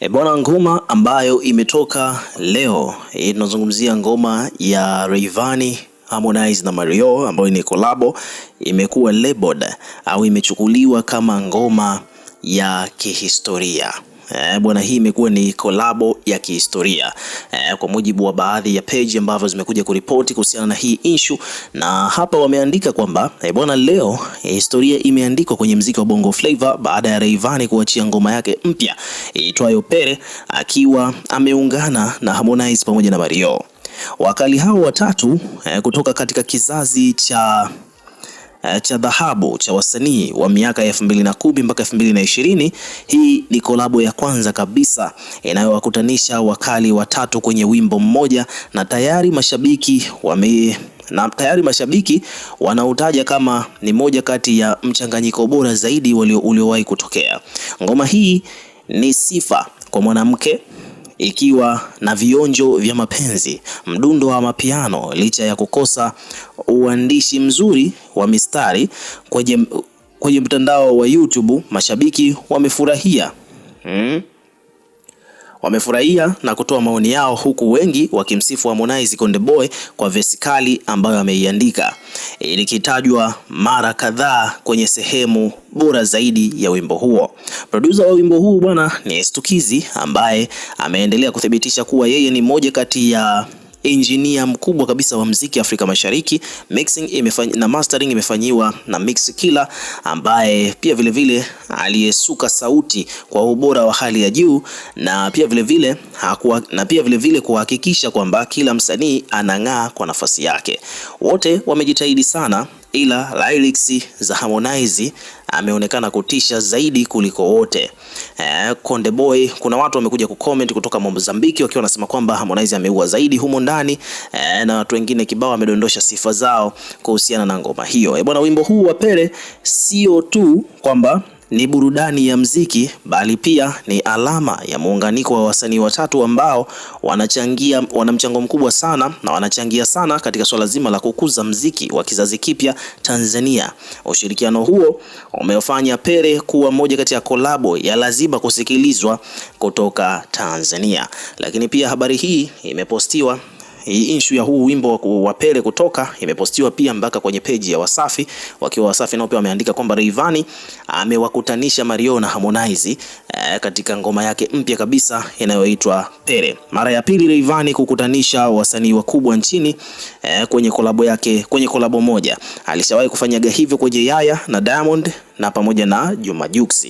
E, bwana ngoma ambayo imetoka leo e, tunazungumzia ngoma ya Rayvanny Harmonize na Mario ambayo ni kolabo, imekuwa labeled au imechukuliwa kama ngoma ya kihistoria eh, bwana, hii imekuwa ni kolabo ya kihistoria eh, kwa mujibu wa baadhi ya page ambavyo zimekuja kuripoti kuhusiana na hii issue, na hapa wameandika kwamba eh, bwana, leo eh, historia imeandikwa kwenye mziki wa Bongo Flava baada ya Rayvanny kuachia ngoma yake mpya iitwayo Pere akiwa ameungana na Harmonize pamoja na Mario. Wakali hao watatu eh, kutoka katika kizazi cha Eh, cha dhahabu cha wasanii wa miaka ya kumi mpaka na ishirini Hii ni kolabo ya kwanza kabisa inayowakutanisha wakali watatu kwenye wimbo mmoja na tayari mashabiki wame na tayari mashabiki wanautaja kama ni moja kati ya mchanganyiko bora zaidi uliowahi kutokea. Ngoma hii ni sifa kwa mwanamke ikiwa na vionjo vya mapenzi, mdundo wa mapiano, licha ya kukosa uandishi mzuri wa mistari kwenye, kwenye mtandao wa YouTube, mashabiki wamefurahia hmm wamefurahia na kutoa maoni yao, huku wengi wakimsifu Harmonize Konde Boy kwa vesi kali ambayo ameiandika, ilikitajwa mara kadhaa kwenye sehemu bora zaidi ya wimbo huo. Producer wa wimbo huu bwana ni Stukizi ambaye ameendelea kuthibitisha kuwa yeye ni moja kati ya injinia mkubwa kabisa wa mziki Afrika Mashariki. Mixing imefanywa na mastering imefanyiwa na Mix Killer ambaye pia vilevile aliyesuka sauti kwa ubora wa hali ya juu na pia vilevile hakuwa na pia vile kuhakikisha kwamba kila msanii anang'aa kwa nafasi yake. Wote wamejitahidi sana, ila lyrics za Harmonize ameonekana kutisha zaidi kuliko wote. Eh, Konde Boy, kuna watu wamekuja kucomment kutoka Mozambiki wakiwa wanasema kwamba Harmonize ameua zaidi humo ndani eh, na watu wengine kibao wamedondosha sifa zao kuhusiana na ngoma hiyo. Eh, bwana wimbo huu wa Pele sio tu kwamba ni burudani ya mziki bali pia ni alama ya muunganiko wa wasanii watatu ambao wanachangia, wana mchango mkubwa sana na wanachangia sana katika swala zima la kukuza mziki wa kizazi kipya Tanzania. Ushirikiano huo umefanya Pere kuwa moja kati ya kolabo ya lazima kusikilizwa kutoka Tanzania. Lakini pia habari hii imepostiwa hii issue ya huu wimbo wa Pele kutoka imepostiwa pia mpaka kwenye peji ya Wasafi, wakiwa Wasafi nao pia wameandika kwamba Rayvanny amewakutanisha Mario na Harmonize eh, katika ngoma yake mpya kabisa inayoitwa Pele. Mara ya pili Rayvanny kukutanisha wasanii wakubwa nchini eh, kwenye kolabo yake, kwenye kolabo moja. Alishawahi kufanyaga hivyo kwenye Yaya na Diamond na pamoja na Juma Jux.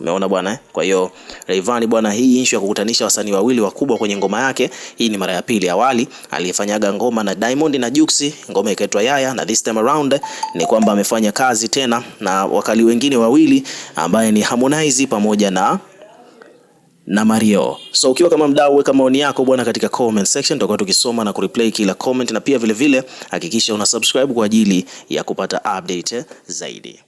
Umeona bwana eh? Kwa hiyo Rayvanny bwana, hii issue ya kukutanisha wasanii wawili wakubwa kwenye ngoma yake, hii ni mara ya pili. Awali aliyefanyaga ngoma na Diamond na Jux, ngoma ikaitwa Yaya, na this time around ni kwamba amefanya kazi tena na wakali wengine wawili ambaye ni Harmonize pamoja na na Mario. So ukiwa kama mdau, weka maoni yako bwana katika comment section, tutakuwa tukisoma na kureplay kila comment, na pia vile vile hakikisha una subscribe kwa ajili ya kupata update zaidi.